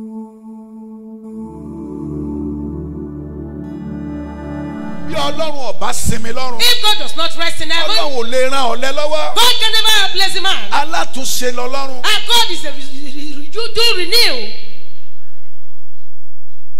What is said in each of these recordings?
ọlọ́run ọba sinmi lọ́rùn. if God does not rest in heaven. ọlọ́run ò lè ran ọ̀lẹ́ lọ́wọ́. God can never bless a man. alátúnṣe lọ́lọ́run. and God is a you do renew.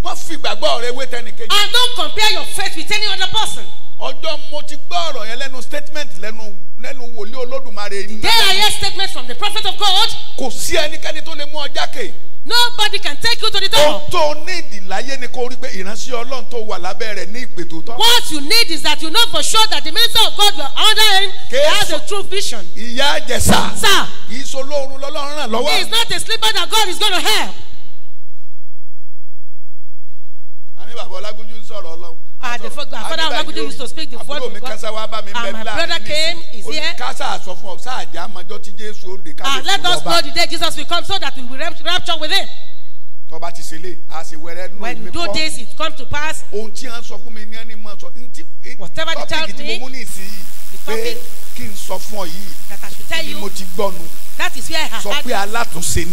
má fi ìgbàgbọ́ rẹ wé tẹnìkejì. and don't compare your faith with any other person. ọjọ́ mo ti gbọ́ ọ̀rọ̀ yẹn lẹ́nu statement lẹ́nu lẹ́nu wòlíì olódùmarè ni. there are here statements from the prophet of God. kò sí ẹnikẹ́ni tó lè mú ọ jákè. Nobody can take you to the door. Ohun tó need láyé ni kó rí pé ìránṣẹ́ Ọlọ́run tó wà lábẹ́ rẹ̀ ní ìpè tó tọ́. What you need is that you know for sure that the minister of God will are him. He has a true vision. Ìyá Àjẹsà. Sir. Kì í so lóorun lọ́lọ́run ràn lọ́wọ́. He is not a sleeper that God is gonna help. Àmì bàbá Ọlágúnjú ń sọ̀rọ̀ Ọlọ́run. Ah, the father of Magudu going to speak the word of God. And my brother came, is here. Ah, let us know the day Jesus will come so that we will rapture with him. when you do this it come to pass. whatever the child need topic that I should tell you that is where I had sọ say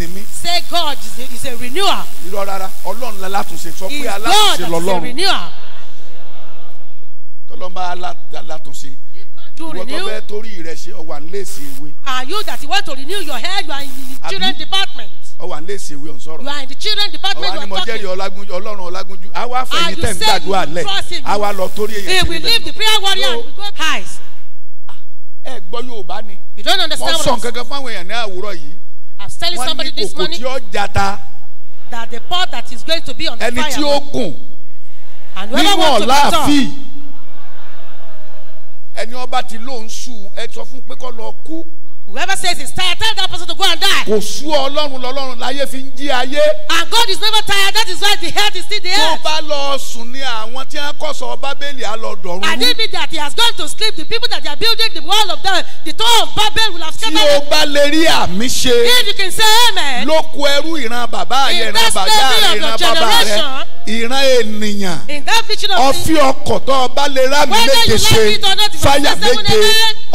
God is a, is a renewal. is God is a renewal tọ́lọ́mbà látúnṣe ìwọ tó fẹ́ torí rẹ ṣe ọwà ń léèsì ewé. are you that you want to renew your hair you are in the children department. ọwà ń léèsì ewé ọ̀sọ̀rọ̀. you are in the children department you are talking. ọwà ni mo jẹ́rìí ọlágúnjú ọlọ́run ọlágúnjú àwa fẹ̀yìn tẹ̀ ń gbàdúrà lẹ̀ àwa lọ torí èyàn sílẹ̀ lọ. we leave the prayer warrior and we go highs. Ah, ẹ gbọ́ yorùbá ni. you don't understand what I'm saying. mo sọ nǹkan kan fáwọn èèyàn ní àwùrọ̀ yìí. I'm telling somebody this morning. wọ́n ní òkú tí ó that the pot that is going to be on the fire. ẹni tí ó gùn. and whoever wants to be ẹni ọba ti lóun sùn ẹ sọ fún pé kó lọ kú. Whoever says he's tired, tell that person to go and die. Kò sú Ọlọ́run lọ́lọ́run láyé fi ń jí ayé. And God is never tired, that is why the earth is still there. earth. Tó bá lọ sùn ni àwọn tí wọ́n kọ̀sọ̀ Bábélì á lọ dọ̀rùn. And it means that he has gone to sleep, the people that are building the wall of the, the tower of Babel will have scattered. Tí o bá lè rí àmì ṣe. If you can say amen. Ló ku ẹrú ìran bàbá yẹn ìran bàbá rẹ̀ ìran bàbá rẹ̀ ìran ènìyàn ọfí ọkọ̀ tó o bá lè rà mí méje ṣe fáyà méje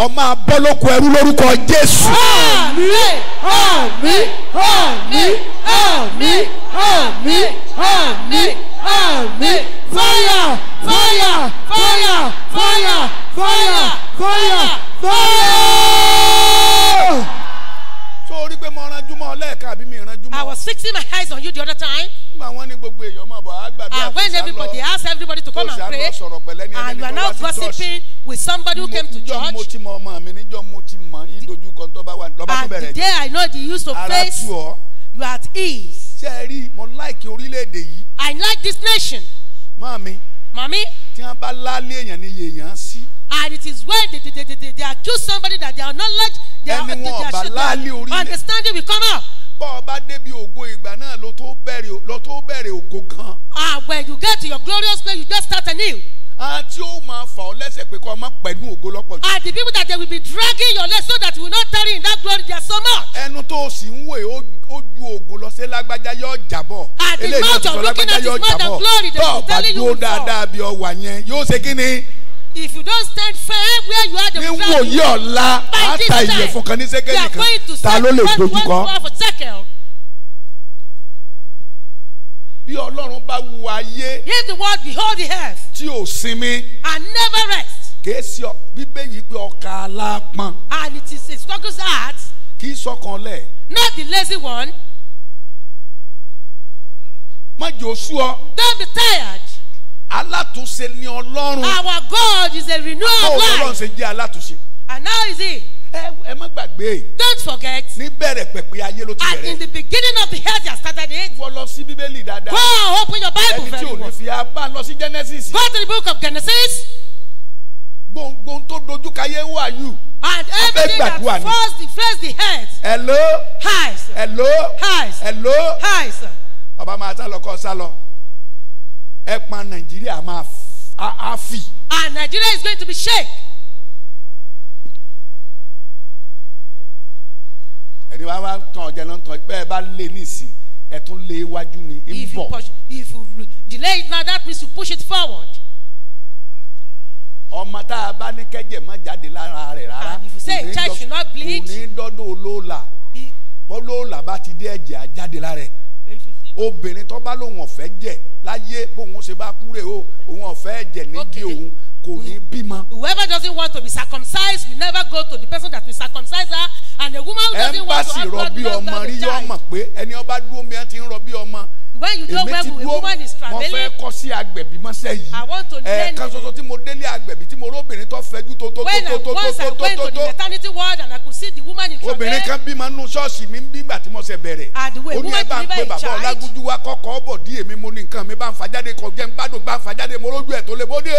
ọmọ abọ́lókù ẹrú lórúkọ jésù. àmín àmín àmín àmín àmín àmín àmín fáyà fáyà fáyà fáyà fáyà fáyà fáyà. sọ orí pé mo ranjú mọ́ ọ lẹ́ẹ̀ka àbí mi ranjú mọ́. I was fixing my eyes on you the other time nígbà wọn ní gbogbo èèyàn máa bọ̀ á gbàdúrà tó sá lọ. and when everybody ask everybody to come and pray and you are now gossiping with somebody who came to church. níjọ́ mo ti mọ ọmọ mi níjọ́ mo ti mọ ìdojú kan tó bá wà lọ́ba tó bẹ̀rẹ̀ jù. and the day I know the use of face you at ease. ṣé rí mo like orílẹ̀-èdè yìí. I like this nation. Mami. Mami. Tí wọ́n bá lálé èèyàn ni yèèyàn sí. And it is when they, they, they, they, they accuse somebody that they are not like they are, they, understanding will come up bọ́ ọ bá débi ògo ìgbà náà ló tó bẹ̀rẹ̀ ló tó bẹ̀rẹ̀ ògo gan. ah when you get to your glorious place you just start anew. àti ó máa fà ọ́ lẹ́sẹ̀ pé kó o má pẹ̀lú ògo lọ́pọ̀ jù. and the people that they will be dragging your leg so that you will not tarry in that glory there so much. ẹnu tó o sì ń wè ó ju ògo lọ sí lágbájá yóò jàbọ̀. àti mouth of looking at his mouth and glory they will be telling you before. tọ́ọ̀ bá dúró dáadáa bí ọ yẹn yóò ṣe kí ni if you don't stand firm where you are the problem. ní wòye ọ̀la àtà ìyẹ̀fun kan ní sẹ́kẹ̀lì kan ta ló lè dojú kọ. bí ọlọ́run bá wu ayé. hear the word behold the earth. tí ò sinmi. and never rest. kèé sí ọ pé ọkà alápọn. and it is a struggle's art. kì í sọkàn lẹ̀. not the lazy one. má jò sú ọ. don't be tired alátúnṣe ni ọlọ́run. our God is a renewer of life. báwo ọlọ́run ṣe jẹ́ alátúnṣe. and now is he. ẹ ẹ gbàgbé. don't forget. ní bẹ̀rẹ̀ pẹ̀pẹ̀ ayé ló ti bẹ̀rẹ̀. and in the beginning of the earth you started it. wọ́n lọ sí bíbélì dáadáa. go and open your bible very well. ẹni tí ò ní fi abá lọ sí genesis. go to the book of genesis. gbòǹgbòǹ tó dojú kayé wà yù. and everything that falls the first the earth. hello. hi sir. hello. hi sir. hello. hi sir. bàbá máa sálọ kọ́ sálọ ẹ̀pọ̀n nàìjíríà máa á fì. and ah, Nigeria is going to be shake. ẹni wàá wá tán ọjà náà tán bẹ́ẹ̀ bá lé nísìn ẹ̀ tún lé iwájú ni ń bọ̀. if you push if you delay it now that means you push it forward. ọmọ tá a bá ní kẹ́jẹ̀ má jáde lára rẹ̀ rárá and if you say a child not bleed. kò ní dọ́dọ̀ olóòlà bọ́lóòlà bá ti dé ẹ̀jẹ̀ á jáde lára rẹ̀ obìnrin tó bá lóun ọ̀fẹ́ jẹ̀ láyé bóun ó ṣe bá kúrè o òun ọ̀fẹ́ jẹ̀ nídìí òun Mm. whoever doesn't want to be circumcised will never go to the person that will circumcise her and the woman who doesn't want to have blood will never die. ẹnbàṣì rọbí ọmọ rí yọ mọ̀ pé ẹni ọba dúró mi ti ń rọbí ọmọ. when you know where the woman is travelling. mo fẹ́ kọ́ sí agbẹ̀bí mọ́sẹ̀ yìí. I want to learn. ẹ̀ẹ̀kan ṣoṣo tí mo délé agbẹ̀bí tí mo róbìnrin tó fẹ́jú tó tó tó tó tó tó tó tó. when I once I went to the maternity ward and I could see the woman in travel. obìnrin kan bímọ nínú ṣọ́ọ̀ṣì mi ń bí ìgbà tí mo ṣe bẹ̀rẹ̀. and the way woman deliver a child. ó ní ẹ bá ń pe bàbá ọlágúnjú wa kọ́kọ́ bọ̀ dí èmi mo nǹkan mi bá ń fàjáde kọ jẹ́ ń gbádùn bá ń fàjáde mo lójú ẹ̀ tó lè bóde.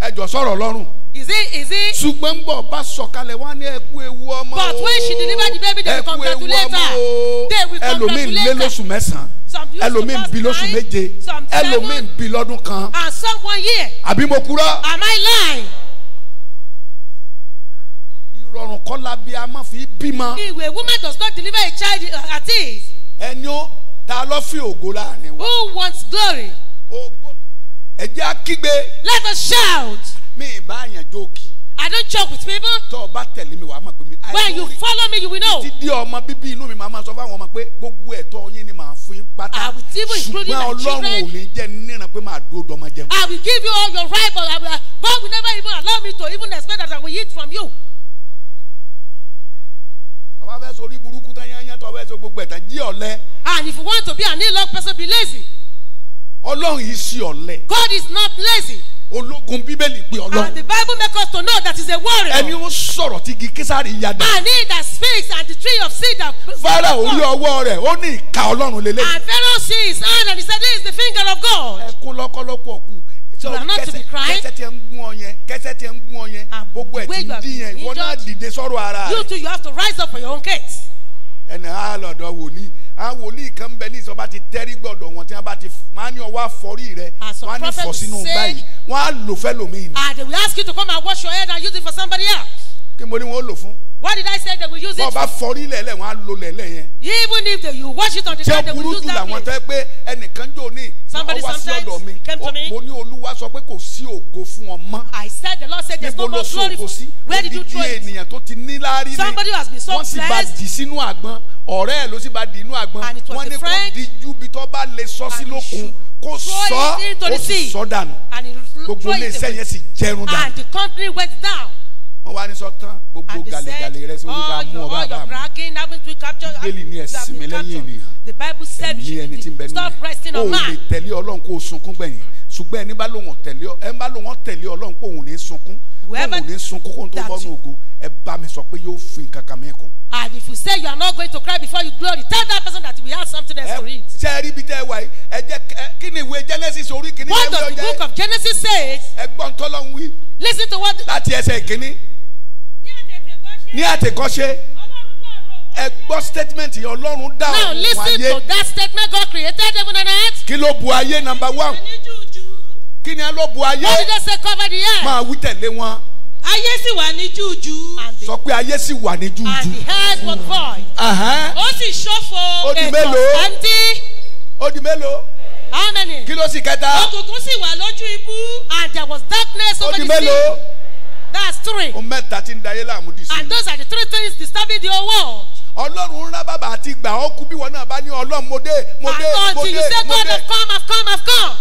ẹ jọ sọ̀rọ̀ lọ́rùn. is it is it. ṣùgbọ́n bọ̀ bá sọ̀kalẹ̀ wá ní ẹkú ewu ọmọ o. but when she delivered the baby they congratulate her. they will congratulate her. ẹlòmíì lé lóṣù mẹ́sàn-án ẹlòmíì ń bi lóṣù méje ẹlòmíì ń lọ́dún kan. and some one year. àbí mo kúrò. am I lying? ìrọ̀rùn kọ́ la bí a máa fi bímọ. ìwé woman does not deliver a child uh, at ease ẹni ó ta ló fi ògo láàrin wa. who wants glory. ẹ jẹ́ á let us shout. mi bá àyàn jókì. I don't joke with people. Tọ́ ọ bá tẹ̀lé mi wà á mọ̀ pé mi. When you follow me, you will know. Títí di ọmọ bíbí inú mi máa ma sọ fáwọn ọmọ pé gbogbo ẹ̀tọ́ yín ni màá fún yín pátá. I will give you including my children. Ṣùgbọ́n Ọlọ́run ò ní jẹ́ níran pé màá dúró dọ́mọ jẹun. I will give you all your right but I uh, God will never even allow me to even expect that I will eat from you bá fẹ́ sori burúkú tán yányán tó fẹ́ so gbogbo ẹ̀tàn jí ọ̀lẹ. Ah, and if you want to be an ill luck person be lazy. ọlọ́run yìí sí ọ̀lẹ. God is not lazy. ológun bíbélì pé ọlọ́run. and the bible make us to know that he is a warrior. ẹni ó sọ̀rọ̀ tí igi késàrì yada. and he that speaks and the tree of cedar. fara orí ọwọ́ rẹ̀ ó ní ìka ọlọ́run lélẹ̀. and Pharaoh sees and he said this is the finger of God. ẹkún lọ́kọ́lọ́kọ́ kù so kẹsẹ tiẹ ń gún ọ yẹn kẹsẹ tiẹ ń gún ọ yẹn ah, gbogbo ẹ ti ń dín yẹn ìwọ náà dìde sọrọ ara rẹ. you too you have to rise up for your own case. ẹnì á lọ́dọ̀ wòlíì á wòlíì kan bẹ ní ìsọba ti tẹ́rí gbọ́dọ̀ wọn tí wọ́n bá ti máa ní ọwọ́ àfọ́rí rẹ wọ́n á ní ah, fọ̀ sínú báyìí wọ́n á lò fẹ́ and ah, they will ask you to come and wash your head and use it for somebody else. kí mo ní wọn ó lò fún. What did I say they will use it? Bọ́ọ̀bá fọrí lẹ̀lẹ̀ wọn á lo lẹ̀lẹ̀ yẹn. Even if they, you wash it on the side, they will use that place. Ṣé burúkú làwọn tẹ́ pé ẹnìkan jò ní somebody sometimes came to me. mo ní olúwa sọ pé kò sí ògo fún ọ mọ́. I said the Lord said there is no more glory for you. where did you throw it. ènìyàn tó ti ní láárí ni wọ́n sì bá dì sínú àgbọn ọ̀rẹ́ ẹ̀ ló sì bá dì inú àgbọn wọ́n ní kó díjú bí tó bá lè sọ sí lókun kó sọ ó sì sọ dànù gbogbo ilé iṣẹ́ yẹn sì jẹrun dànù. and the country went down wọ́n wá ní sọ́tàn gbogbo gàlẹ́gàlẹ́ rẹ sí olúwa oh, mú ọba àbá mi bíbélì ní ẹ̀sìn mi lẹ́yìn ènìyàn ẹ̀mí ẹni tí ń bẹ nínú ẹ̀ o lè tẹ̀lé ọlọ́run kó o sunkún gbẹ̀yìn ṣùgbọ́n ẹni bá lòun tẹ̀lé ẹni bá lòun tẹ̀lé ọlọ́run pé òun ní sunkún òun ní sunkún kó n tó bọ́nu ògo ẹ bá mi sọ pé yóò fi nǹkan kan mí kun. and if you say you are not going to cry before you glory tell that person that we have something else to read. ṣé rí ibi tẹ́ ẹ wà yìí ẹ jẹ́ kí ni ìwé genesis orí kìíní. what does the book of genesis say. ẹ gbọ́n tọ́lọ́ ń wí. listen to what. láti ẹsẹ̀ ìkíní. ní àtẹ̀kọ́ṣe ẹ gbọ́ statement yẹn ọlọ́run dá òun wáyé. now listen to that statement God created heaven and earth. kí ló bu ayé number one kí ni ló ayé. what did they say cover the earth. máa wí tẹ̀lé wọn. ayé sì wà ní jújú. sọ pé ayé sì wà ní jújú. and the earth was void. ó sì ṣófo ètò àǹtí. ó di mélòó. how many. kí ló sì kẹta. òkùnkùn sì wà lójú ibú. and there was darkness over the sea. ó mélòó. that's three. o mẹ́ta ti ń da láàmú dì and those are the three things disturbing the whole world ọlọ́run rán bàbá àti gbà ọ́ kú bí wọn náà bá ní ọlọ́run mo dé mo dé mo dé mo dé. àtọ̀ tí you say God has come has come has come.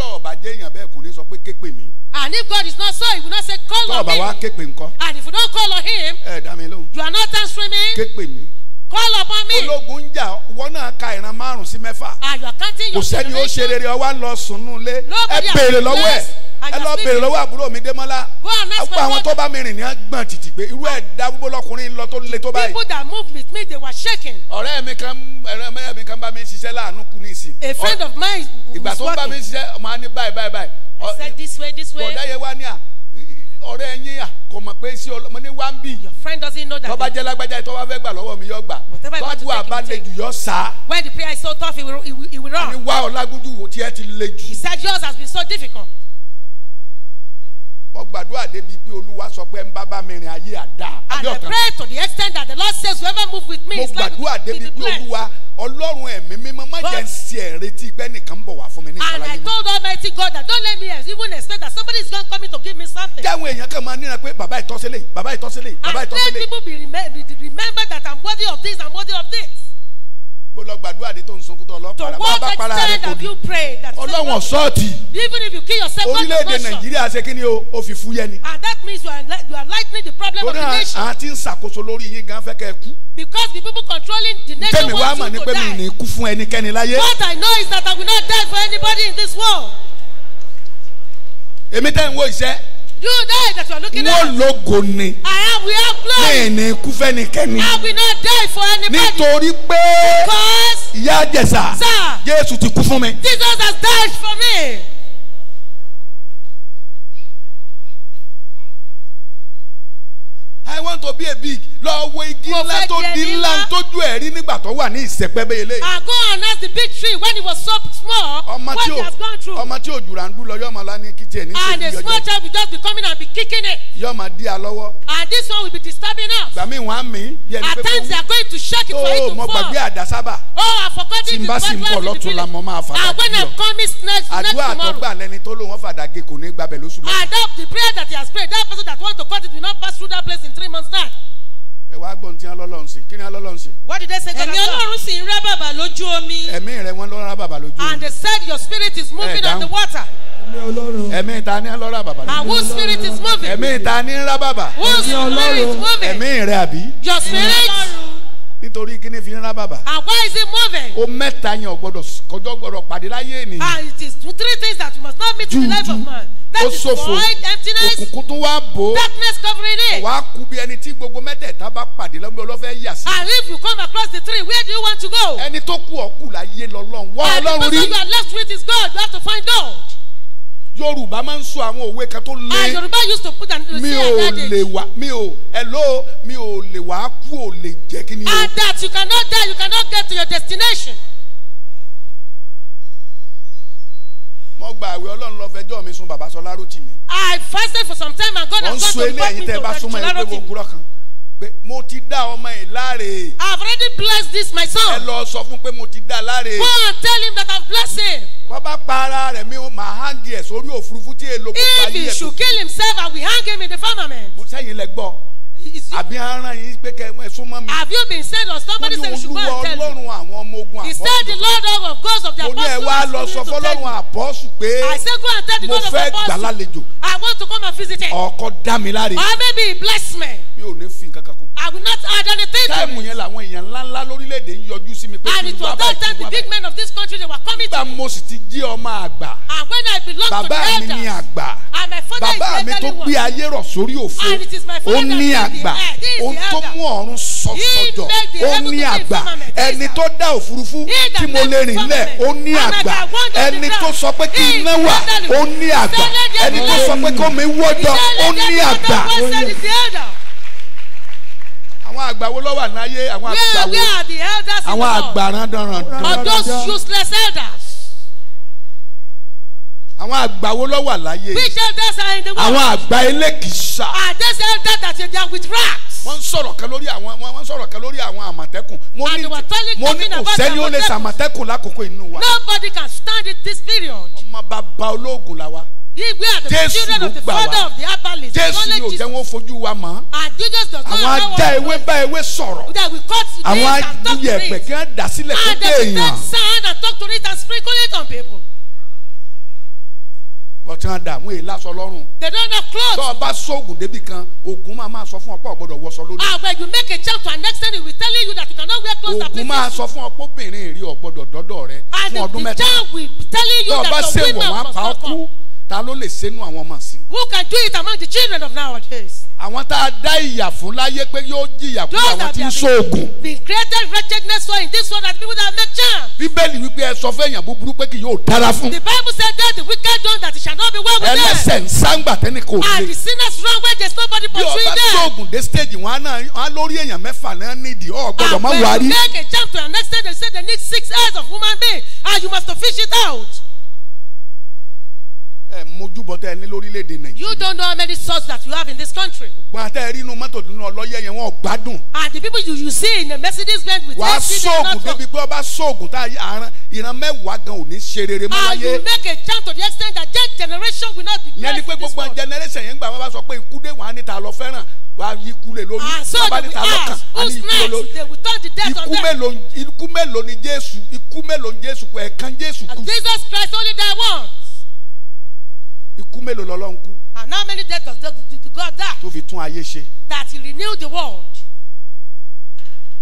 bọ́lọ́wọ́ bá èèyàn bẹ́ẹ̀ kò ní sọ pé ké pè mí. and if God is not so he will not say call on me. tọ́ọ̀bà wa ké pè ńkọ́. and if you don't call on him. ẹ dá mi lóhùn. you are not answering me. ké pè mí call upon me. ológun ń jà wọn náà ka ìran márùn sí mẹ́fà. àyọ̀ kan tí yóò ṣe rere. kò sẹ́ni ó ṣe rere ọwọ́ lọ sùnú lé ẹ béèrè lọ́wọ́ ẹ̀ ẹ lọ béèrè lọ́wọ́ àbúrò mi Démọ́lá àwọn àwọn tó bá mi rìn ní gbọ̀n títì pé irú ẹ̀ dábúgbó lọkùnrin lọ tó le tó báyìí. people that moved with me they were shaking. ọ̀rẹ́ mi kan ọ̀rẹ́ mi kan bá mi ṣiṣẹ́ láàánú kù ní ìsìn. a friend of mine was working. ìgbà tó bá mi ṣiṣẹ́ ọmọ á ní báyìí báyìí báyìí. I said this way this way. bọ̀dá yẹn wá ní à mọ̀ pé sí ọlọ́mọ ní wá ń bì. your friend doesn't know that. tọ́ba jẹ́ lágbájá tọ́ba fẹ́ gbà lọ́wọ́ mi yọ gbà. tọ́jú àbálẹ̀ jù yọ sá. when the prayer is so tough he will, he will, he will run. wá ọlágúnjú wo tiẹ̀ ti le jù. he said yours has been so difficult mo gbàdúrà débi pé olúwa sọ pé ń bá bá mi ayé àdá. and I pray to the extent that the Lord says whoever move with me is like to be blessed. mo gbàdúrà débi pé olúwa ọlọ́run ẹ̀mí mímọ́ má jẹ́ ń ṣe ẹ̀rètí pé ẹnìkan ń bọ̀ wá fún mi ní ìsọ̀rọ̀ ayé mi. and I told almighty God that don't let me even expect that somebody is going to come in to give me something. kí èèyàn kan máa níra pé bàbá ìtọ́sílẹ̀ bàbá ìtọ́sílẹ̀ bàbá ìtọ́sílẹ̀. and let people be remember that I'm worthy of this I'm worthy of this bó lọ gbàdúrà dé tó ń sunkún tó ọlọ́pàá rẹ bá para rẹ kò ní ọlọ́wọ̀n sọ́ọ̀tì orílẹ̀-èdè nàìjíríà ṣe kí ni o fi fúyẹ́ ni. and that means you are, you are lightening the problem of the nation. torí àti ń ṣàkóso lórí yín gan fẹ́ kẹ́ ẹ kú. because the people controlling the nation want you to die. tẹ̀mí wàá mọ̀ ní mi ní kú fún ẹnikẹ́ni láyé. what I know is that I will not die for anybody in this world. èmi tẹ́ ń wo iṣẹ́. You die that you are looking at. Wọ́n lógo ni. I am we have glory. Mi ní kú fẹ́nikẹ́ni. I will not die for anybody. Nítorí pé. Because. Ìyá Jẹ̀sà. Sir. Jésù ti kú fún mi. Jesus has died for me. I want to be a big lọ wo igi ńlá tó di ńlá tójú ẹ̀ rí nígbà tó wà ní ìsẹ̀pẹ́ bẹ́ẹ̀ lé. and go and ask the big tree when it was so small ọmọ what it has gone through. ọmọ tí òjòrà ń dún lọ yọmọ lá ní kíjì ẹ̀ ní sèkú yọjọ. and a small child will just be coming and be kicking it. yọmọ dí a lọ́wọ́. and this one will be disturbing us. gbàmí wọn á mi. at times they are going to shake it for it to fall. mo gbàgbé àdásábà. oh i forgot it. tí n bá sì ń bọ̀ lọ́tún la mo máa fàdà kí lọ. and when i come next next tomorrow. àdúrà tó gbà lẹni tó lóun fàdà the prayer that he has prayed that person that want to cut it will not pass through that place in three months time wá gbọ́n tí wọ́n lọ́lọ́run sí kí ni wọ́n lọ́lọ́run sí. what did they say to God. ẹ̀mí ọlọ́run sì ń rá bàbà lójú omi. ẹ̀mí rẹ̀ wọ́n lọ bàbà lójú omi. and they said your spirit is moving on the water. ẹ̀mí ìta ni lọ rá bàbà lójú omi. and whose spirit is moving. ẹ̀mí ìta ni rá bàbà. whose spirit is moving. ẹ̀mí rẹ̀ àbí. your spirit nítorí kíní fi ń bàbà. and why is it moving. o mẹ́ta yẹn ọ̀gbọ́dọ̀ kọjọ́ gbọ́dọ̀ pàdé láyé ènìyàn. and ah, it is three things that you must not meet in the life of man. that is void emptiness. òkùnkùn tún wá bò. darkness covering it. wàá kú bí ẹni tí gbogbo mẹ́tẹ̀ẹ̀ta bá pàdé lọ́gbẹ́ ọlọ́fẹ́ yà sí. and if you come across the tree where do you want to go. ẹni tó kú ọ̀kú láyé lọ́lọ́run wá ọlọ́run rí. and the person you are left with is God you have to find out yorùbá máa ń sọ àwọn òwe kan tó lé. ah yorùbá used to put an uh, mi ò lè wá mi ò hello mi ò lè wá kú ò lè jẹ́ kí ni and ah, that you cannot die you cannot get to your destination. mo gba àwẹ̀ ọlọ́run lọ fẹjọ́ mi sun bàbá sọlá rotimi. i fasted for some time and God has gone to help me to Babasola Rotimi. wọ́n ń eléyìí tẹ́ bá súnmọ́ ẹ pé wọ́n kan pé mo ti dá ọmọ yìí láre. I have already blessed this my son. ẹ lọ sọ fún pé mo ti dá láre. go and tell him that I have blessed him. kọ́ bá pa ara rẹ̀ mi máa hangi ẹ̀ sórí òfurufú tí èlò kó pa ayé if he should kill himself I will hang him in the firmament. mo sẹ́yìn lẹ gbọ́ have you been said or somebody say you should go and tell me. he said the lord of gods of the apostles. mo ní I said go and tell the Lord of apostles. mo I want to come and visit him. ọkọ dá mi láre. or maybe he bless me. I will not táìmù yẹn làwọn èèyàn ńláńlá lórílẹ̀‐èdè ń yọjú sí mi pé kí n bá bá ìtura bá. the big men of this country they were coming to me. nígbà mo sì ti jí ọmọ àgbà. and when I belong Baba to the elders. bàbá mi ni àgbà. and my father Baba is elderly one. bàbá mi tó gbé ayé rọ̀ sórí òfo. and it is my father that is the elder. ó ní àgbà. ohun tó mú ọ̀run sọ̀sọ̀dọ̀. ó ní àgbà. ẹni tó dá òfurufú tí mo lè rìn lẹ̀ ó ní àgbà. ẹni tó sọ pé kí iná wà ó ní àgbà. ẹni tó sọ pé kó mi wọ́dọ̀ àwọn àgbà wo ló wà láyé àwọn àgbà wo where are the elders in the world Are those useless elders. àwọn àgbà wo ló wà láyé which elders are in the world àwọn àgbà elékìsà are those elders that they are with rats. wọ́n ń sọ̀rọ̀ kan lórí àwọn wọ́n ń sọ̀rọ̀ kan lórí àwọn àmọ̀tẹ́kùn mo ní mo ní kò sẹ́ni ó lè sàmọ̀tẹ́kùn lákòókò inú wa nobody can stand it this period. ọmọ bàbá olóògùn la wa jésù ló gbà wá jésù yóò jẹ́ wọ́n fojú wa mọ́ àwọn ajá ewé bá ewé sọ̀rọ̀ àwọn ajúyẹ̀ ẹ̀pẹ̀ kí wọ́n dà sílẹ̀ kó ah, dé èèyàn ọtí wọn dà wọn èyí lásọ lọrùn. they don't have clothes. bá sóògùn débi kan oògùn máa máa sọ fún ọ pé ọ̀gbọ́dọ̀ lónìí. ah when you make a change to an extent it will tell you that you cannot wear clothes that fit you. oògùn máa sọ fún ọ obìnrin rí ọ̀gbọ́dọ̀ dọ́dọ̀ rẹ ah, fún ọdún mẹ́ta. and the child will tell you that your women must not bá ṣe wọ̀n wọn pa ọ ta ló lè ṣe àwọn ọmọ sí. who can do it among the children of nowadays. àwọn tá a dá ìyà fún láyé pé yóò jìyà fún àwọn tí ń ṣoògùn. been created wretchedness for in this world as people that make charm. bíbélì wípé ẹ sọ fún èèyàn búburú pé kì yóò dára fún. the bible said that the wicked don that it shall not be well with them. ẹlẹ́sẹ̀ ń sáńgbà tẹ́ni kò le. and the sinners run where there is nobody pursuing them. bí ọba ṣoògùn dé stage wọn á lórí èèyàn mẹ́fà náà nídìí ọ gbọ́dọ̀ má wárí. and when you make a jump to the next stage they say they need six heads of human being and you must to fish it out mojúbọ tẹ ẹ ní lórílẹ̀‐èdè nàìjíríà. you don't know how many swords that you have in this country. ògbọ́n àtẹ ẹ̀rí inú mọ́tò nínú ọlọ́yẹ yẹn wọn ò gbádùn. and the people you, you see in the Mercedes Benz with wàá sóògùn débi pé ọba sóògùn tá àrùn ìran mẹ́wàá gan ò ní ṣe mọ́ láyé. and you make a chant to the extent that that generation will not be blessed in this world. yẹn ni pé gbogbo generation yẹn gbà wọn bá sọ pé ikú wàá níta lọ fẹ́ràn wàá yí ikú lórí bàbá níta lọ́kàn àní ikú ikú mélòó ikú mélòó ni Jésù ikú mélòó ni Jésù ẹ̀ẹ̀kan Jésù kú. Jesus Christ only died once ikú mélòó lọ́lọ́run kú. and how many deaths does the, the, the God die. tó fi tún ayé ṣe. that he renew the world.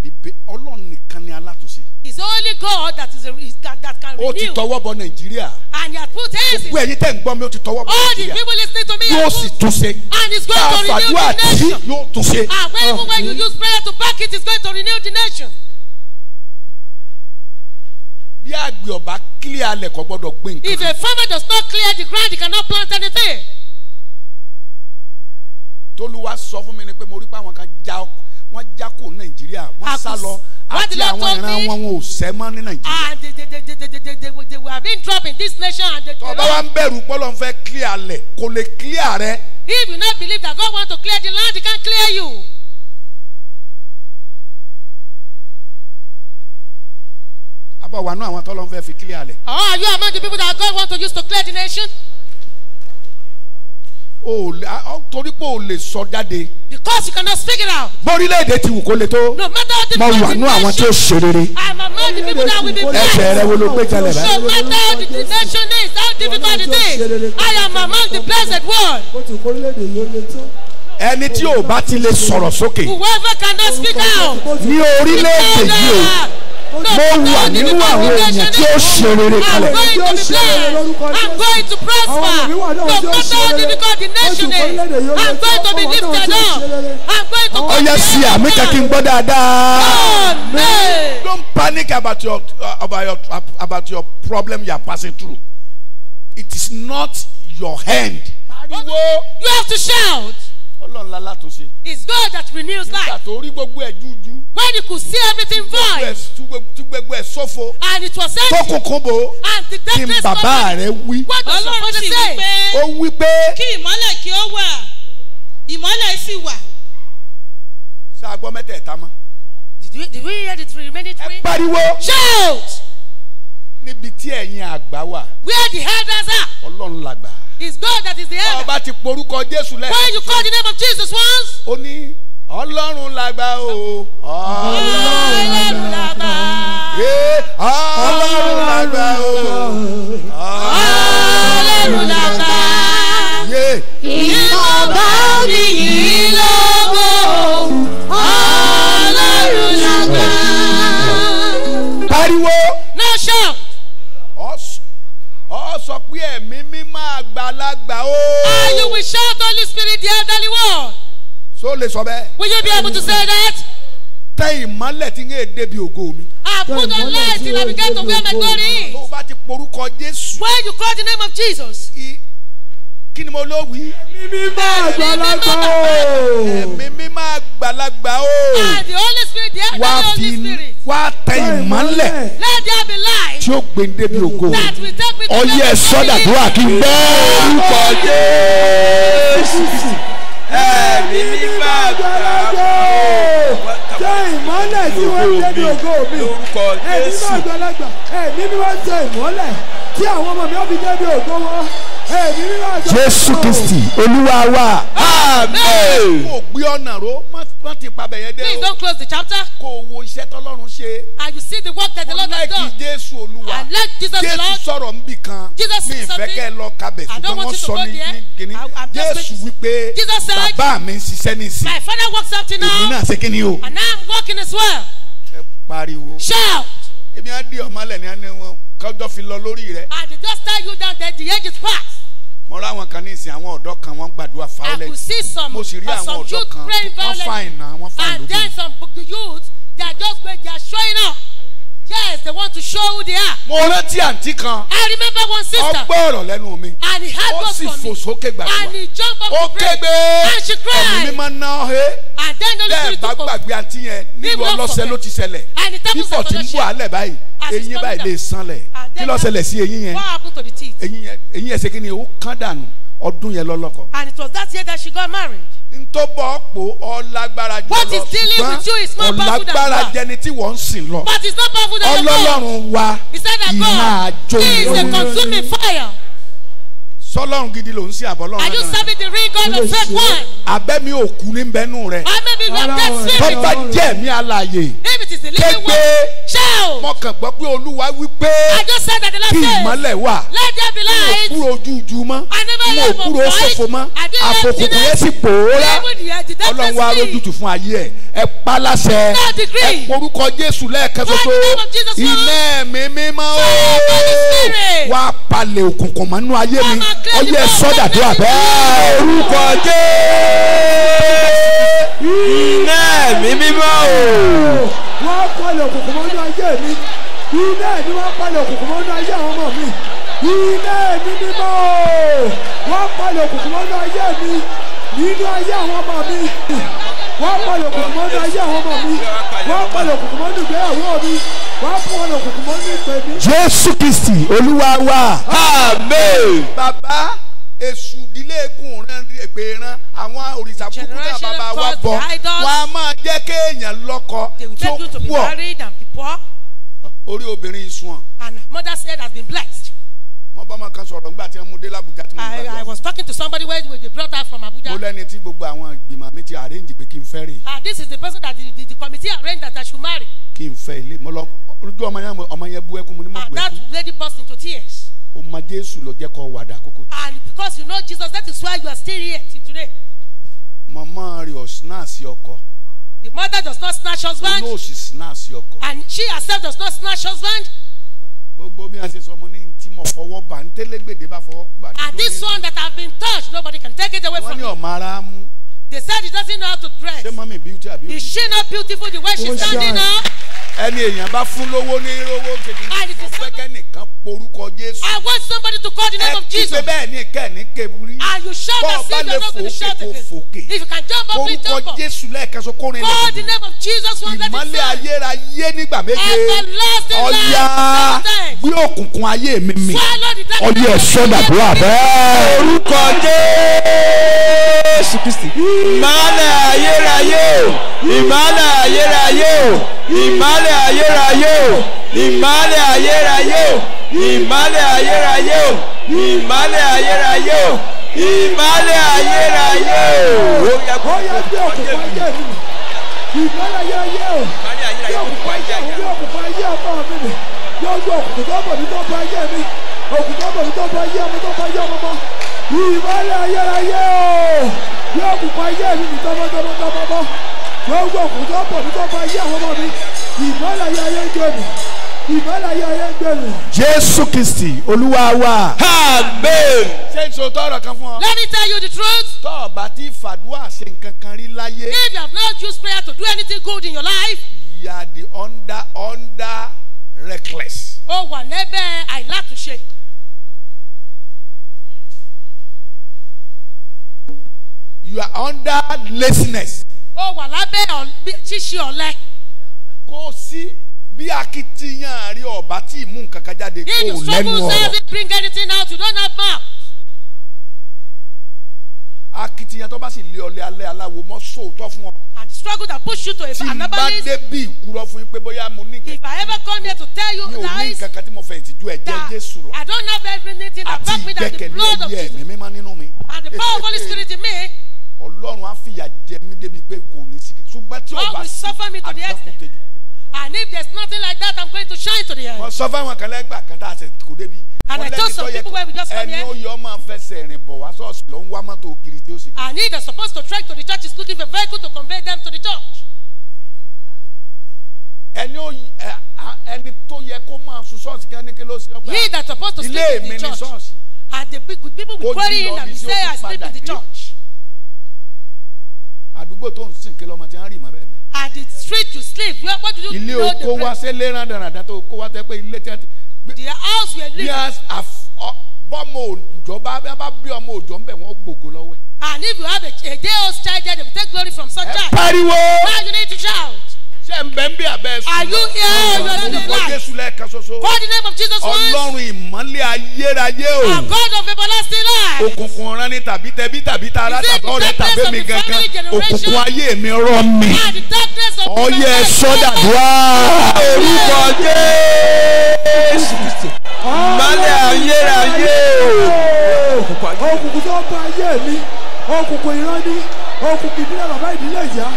bíbẹ ọlọ́run nìkan ni alátúnṣe. it's only God that is a, that, that can renew. ó ti tọwọ́ bọ nàìjíríà. and he has put his. gbogbo ẹ̀yin tẹ̀ ń gbọ́ mi ó ti tọwọ́ bọ nàìjíríà. all the people listening to me. yóò sì túnṣe. and he's going to renew the nation. àfàdúrà tí yóò túnṣe. and when even ah. when you use prayer to back it he's going to renew the nation bí àgbẹ̀ ọ̀bá clear alẹ̀ kò gbọ́dọ̀ gbé nǹkan. if a farmer does not clear the ground he cannot plant anything. tolúwa sọ fún mi ni pé mo rí pé àwọn kan já wọn já kó nàìjíríà wọn sá lọ àti àwọn ìran wọn wọn ò sẹ́ mọ́ ní nàìjíríà. and ah, they they they they they they they they were being dropped in this nation and they. tọ́ba wa ń bẹ̀rù pọ́lọ́ ń fẹ́ clear alẹ̀ kò lè clear rẹ. if you no believe that God want to clear the land he can clear you. àbọ̀ wà nú àwọn tọ́lọ́ ń fẹ́ fi clear lẹ̀. or are you among the people that God want to use to clear the nation? Oh, lè torí pé o lè sọ jáde. because you cannot speak it out. bórílẹ̀-èdè ti wù kó le tó. no matter what the nation. mo wà nú àwọn tí I'm among the people that will be blessed. ẹsẹ̀ rẹ wo ló gbé jalè rẹ. no matter what the nation is how difficult it is I am among the blessed one. o ti kórílẹ̀-èdè yóò le ẹni tí ò bá ti lè sọ̀rọ̀ sókè. whoever cannot speak out. ní orílẹ̀-èdè yìí o mo wà nínú àwọn èèyàn tí ó ṣe rere kalẹ̀. I'm going to prosper. No matter how difficult the nation is, I'm going to be lifted up. I'm going to. Ọyẹ sí àmì kẹ́kí ń gbọ́ dáadáa. Don't panic about your, uh, about your, about your problem you are passing through. It is not your hand. You have to shout ọlọ́run la látúnṣe. it's God that renews life. nígbà tó rí gbogbo ẹ̀ jújú. when you could see everything void. tí gbogbo ẹ̀ ṣófo. and it was empty. tó kúnkún and the death is kí n bàbá rẹ wí. what does your father say. ó wí pé. kí ìmọ́lẹ̀ kí ó wà ìmọ́lẹ̀ sì wà. ṣé a gbọ́ mẹ́tẹ̀ẹ̀ta mọ́. did we did we hear the three remaining three. ẹ pariwo. shout. níbi tí ẹ̀yin àgbà wà. where the elders are. ọlọ́run làgbà. Is God that is the head. Ọba ti porúkọ Jésù lẹ́yìn. When you call the name of Jesus once. Ó ní Ọlọ́run làgbà o. Ọlọ́run làgbà. Ọlọ́run làgbà o. Ọlọ́run làgbà. Ìmọ̀ ọba mi yìí lọ́wọ́. Ọlọ́run làgbà. Pariwo. Náà ṣe. Ọ sọ pé ẹ̀mí àgbàlagbà o. ah you will shout holy spirit the elderly one. so lè sọ bẹ́ẹ̀. will you be able to say that. tẹ ìmọ́lẹ̀ tí ń débi ògo mi. ah put on light till i begin to wear my glory. tó o bá ti porúkọ Jésù. when you call the name of Jesus. I kí ni mo ló wí. ẹ̀mí mímọ́ àgbàlagbà o. ẹ̀mí mímọ́ àgbàlagbà o. the holy spirit the elder holy spirit. wá tẹ ìmọ́lẹ̀. let there be light. tí ó gbé ń débi ògo. that will take me to the ọyẹ sọdàdúrà kí n gbọ́. orúkọ jésù ẹ̀mí mímọ́ àgbàlagbà o. tẹ ìmọ́lẹ̀ tí wọ́n ń débi ògo mi. ẹ̀mí mímọ́ àgbàlagbà ẹ̀mí mímọ́ tẹ ìmọ́lẹ̀ tí àwọn ọmọ mi ó fi débi ògo wọn jésù kristi olúwa wa. amen. kò gbé ọ̀nà ró má ti pa bẹ̀yẹn dé o. please don't close the chapter. kò wo iṣẹ́ tọ́lọ́run ṣe. and you see the work that the Lord has done. ọlọ́ọ̀kì jésù olúwa. and let Jesus Lord. jésù sọ̀rọ̀ nbì kan. jesus sọ̀rọ̀ mi ìfẹ́ kẹ́ lọ kabẹ̀ ṣùgbọ́n wọ́n sọ ní kíni. jésù wípé bàbá mi ń ṣiṣẹ́ nísìn. my father works up till now. èmi náà ṣe kí o. and i'm working as well. ẹ pariwo. shout. èmi á di ọmọ alẹ́ ní wọn kọjọ́ fi lọ lórí rẹ. and they just tell you that the age is past mo rá àwọn kan ní ìsìn àwọn ọ̀dọ́ kan wọ́n gbàdúrà violent mo sì rí uh, àwọn ọ̀dọ́ kan wọ́n fine na wọ́n fine lókè. and then some youth they are just they are showing up yes they want to show who they are. mo rántí àǹtí kan. I remember one sister. ọgbẹ́ ọ̀rọ̀ lẹ́nu mi. and he had God for me. ó sì fò sókè gbàdúrà. and he jumped up to pray. ó kégbe. and she cried. ẹ̀mí mi máa ná he. and then the little took over. bẹ́ẹ̀ bá gbàgbé àǹtí yẹn nílùú ọlọ́sẹ̀ ló ti ṣẹlẹ̀. and the temple said for the shame. bíbọ̀ ti ń bọ̀ alẹ̀ báyìí eyín báyìí lè sanlẹ̀ kí ló ṣẹlẹ̀ sí eyín yẹn eyín yẹn eyín yẹn ṣe kí ni ó kán dànù ọdún yẹn lọ́lọ́kọ. and it was that year that she got married. n tó bọ̀ pò ọlágbára jù lọ ṣùgbọ́n ọlágbára jẹni tí wọ́n ń sìn lọ ọlọ́lọ́run wa ìhà consuming fire sọlọ́run gidi ló ń sin àbọ̀ are you serving the real God the fake one. abẹ́mi òkú ní bẹ́nu rẹ̀. abẹ́mi ló dé sí mi. tọ́ba jẹ́ mi alàyè. if it is the living one. kégbé mo pé olúwa wí I just said that the last day. kí ìmọ̀lẹ̀ wà. let there be light. mo kúrò ojúju mọ́. I never leave my boy. mo kúrò òfófó mọ́. àfòkù kò yẹ sí pòórá. ọlọ́run wa rójútù fún ayé ẹ̀. ẹ pa ẹ porúkọ jésù lẹ́ẹ̀kẹ́ ọyẹ sọdàdúrà bẹ́ẹ̀. orúkọ jẹ́ iná ẹ̀mí mímọ́ o. wọ́n palẹ̀ òkùnkùn mọ́ ní ayé mi iná ẹ̀mí wọ́n palẹ̀ òkùnkùn mọ́ ní ayé àwọn ọmọ mi iná ẹ̀mí mímọ́ o. wọ́n palẹ̀ òkùnkùn mọ́ ní ayé mi nínú ayé àwọn ọmọ mi wọ́n palẹ̀ òkùnkùn mọ́ ní ayé àwọn ọmọ mi wọ́n palẹ̀ òkùnkùn mọ́ ní ìgbéyàwó mi wọ́n palẹ̀ òkùnkùn mọ́ ní ìpè mi. Jésù Kristi Olúwa wa amen. bàbá èṣù ìdílé egun rán èpè rán àwọn òrìṣà kúkúrú bàbá wa bọ̀ wọ́n á máa jẹ́ kéèyàn lọ́kọ tó pọ̀ orí obìnrin sùn. and mother said has been blessed mo bá ọmọ kan sọ̀rọ̀ nígbà tí wọ́n mú dé l'Abuja tí mo gbàgbọ́. I I was talking to somebody when they brought her from Abuja. mo lẹ́ni tí gbogbo àwọn ìgbìmọ̀ mi ti arrange pé kí n fẹ́ rè. ah this is the person that the the, the committee arranged that I should marry. kí n fẹ́ ilé mo lọ ojú ọmọ yẹn ọmọ yẹn bú ẹkún mo ní mo ah, bú ẹkún. and that lady burst into tears. o ma Jésù ló jẹ́ kó wàdà àkókò. and because you know Jesus that is why you are still here till today. mama rẹ̀ ọ̀ snacks ọkọ. The mother does not snatch husband. No, she snatch your cup. And she herself does not snatch husband. Gbogbo bí a ṣe sọ mo ní tí mo fọwọ́ bà ń télégbèdè bá fọwọ́ bà. and this one that I have been touched nobody can take it away from you. wọ́n ní ọ̀ma ara mú. They said he doesn't know how to dress. Ṣé mọ́mí beauty àbí? Is she not beautiful the way she's standing now? Ẹni èèyàn bá fún lówó ní rówó kejì ní ọ̀fẹ́kẹ́ nìkan porúkọ Jésù. I want somebody to call the name of Jesus. Ẹ kí ṣe bẹ́ẹ̀ ní kẹ́ẹ̀ní kebúrí. And you shout and say you are not going to shout again. Bọ́ọ̀ bá lè fòkè kò fòkè. If you can jump up, please jump up. Porúkọ Jésù lẹ́ẹ̀kan so kórin lẹ́yìn. Call the name of Jesus once let it sound. Ìmọ̀lẹ̀ ayérayé nígbà méje. Everlasting life. Ọ̀ya gbé òkùnkùn ayé mi mì. Swallow ọyẹ ẹ̀ṣọ́ dàdúrà bẹ́ẹ̀. orúkọ jésù kristi ìmọ̀lẹ̀ ayérayé o ìmọ̀lẹ̀ ayérayé o ìmọ̀lẹ̀ ayérayé o ìmọ̀lẹ̀ ayérayé o ìmọ̀lẹ̀ ayérayé o ìmọ̀lẹ̀ ayérayé o ìmọ̀lẹ̀ ayérayé o. ó yẹ kí ọkùnrin ayé mi ìmọ̀lẹ̀ ayérayé o kí ọkùnrin ayé mi kí ọkùnrin ayé ọmọ tó bọ̀ nínú ọkùnrin ayé mi òkùnkọ́bọ̀ yìí tó Kristi Olúwa wa. Amen. ṣé n sọ tọrọ kan fún ọ. Let me tell you the truth. tọ́ ọ bá ti fàdúrà ṣe nǹkan kan rí láyé. If you have not used prayer to do anything good in your life. You are the under under reckless. ó wà lẹ́bẹ̀ àìlátúnṣe. you are under laziness. ó wà lábẹ́ ṣíṣe ọ̀lẹ. kò sí bí akitiyan rí ọba tí ìmú nǹkan kan jáde kó lẹ́nu ọ̀rọ̀. if you struggle say you bring anything out you don't have mouth akitiyan tó bá sì lé ọlẹ́ alẹ́ aláwo mọ́ sóòótọ́ fún ọ. and struggle that push you to a anabalis. tí n bá dé ìkúrọ fún yín pé bóyá mo ní. if I ever come here to tell you lies. mi ò ní nǹkan kan tí mo fẹ̀yìntì ju ẹ̀jẹ̀ Jésù lọ. I don't have everything that back me that the blood of Jesus. àti ìgbẹ́kẹ̀lé ẹ̀mí mímọ́ nínú mi. and the power of Holy Spirit in me. Ọlọ́run á fìyà jẹ mí débi pé kò ní sí. ṣùgbọ́n tí ò bá sí àdáhùn tẹ́jú. And if there's nothing like that, I'm going to shine to the end. Wọ́n sọ And I told some people where we just come here. Ẹni oyè ọmọ And if they're supposed to trek to the church, is looking for a vehicle to convey them to the church. Ẹni oyè ẹni He that's supposed to sleep in the church. Ilé mi ni And the people will worry him and say I sleep in the church. I do go to kí lọ́mọ ti ń rì at the street you sleep where what do you ilé oko wa ṣe lé rádaràdà tó kó wa tẹ pé ilé tí a ti. the house we live. yes bọ́mọ òjò bá bá bí ọmọ òjò ń bẹ̀ wọ́n gbògo lọ́wọ́ and if you have a, a day old child there they will take glory from such child. ẹ pariwo. now you need to shout ṣé ń bẹ ń bí abẹ́ sùn. are you here you are the light. Jésù lẹ́ẹ̀kan ṣoṣo. call the name of Jesus once. Ọlọ́run ìmọ̀lẹ̀ ayérayé o. a God of everlasting life. òkùnkùn ọ̀ràn ni tàbí tẹbí tàbí tara tàbí ọ̀rẹ́ tàbí mi gangan òkùnkùn ayé mi rọ mi. ọyẹ sọdà wá orúkọ Jésù ìmọ̀lẹ̀ ayérayé o. òkùnkùn tó bá ayé mi òkùnkùn ìran ni òkùnkùn ìdílé bàbá ìdílé ìyá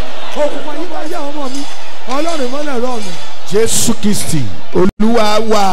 òkùnkùn ayé wa yá ọmọ mi ọlọ́run mọ́lẹ̀ rọ̀ mi. jésù kristi olúwa wa.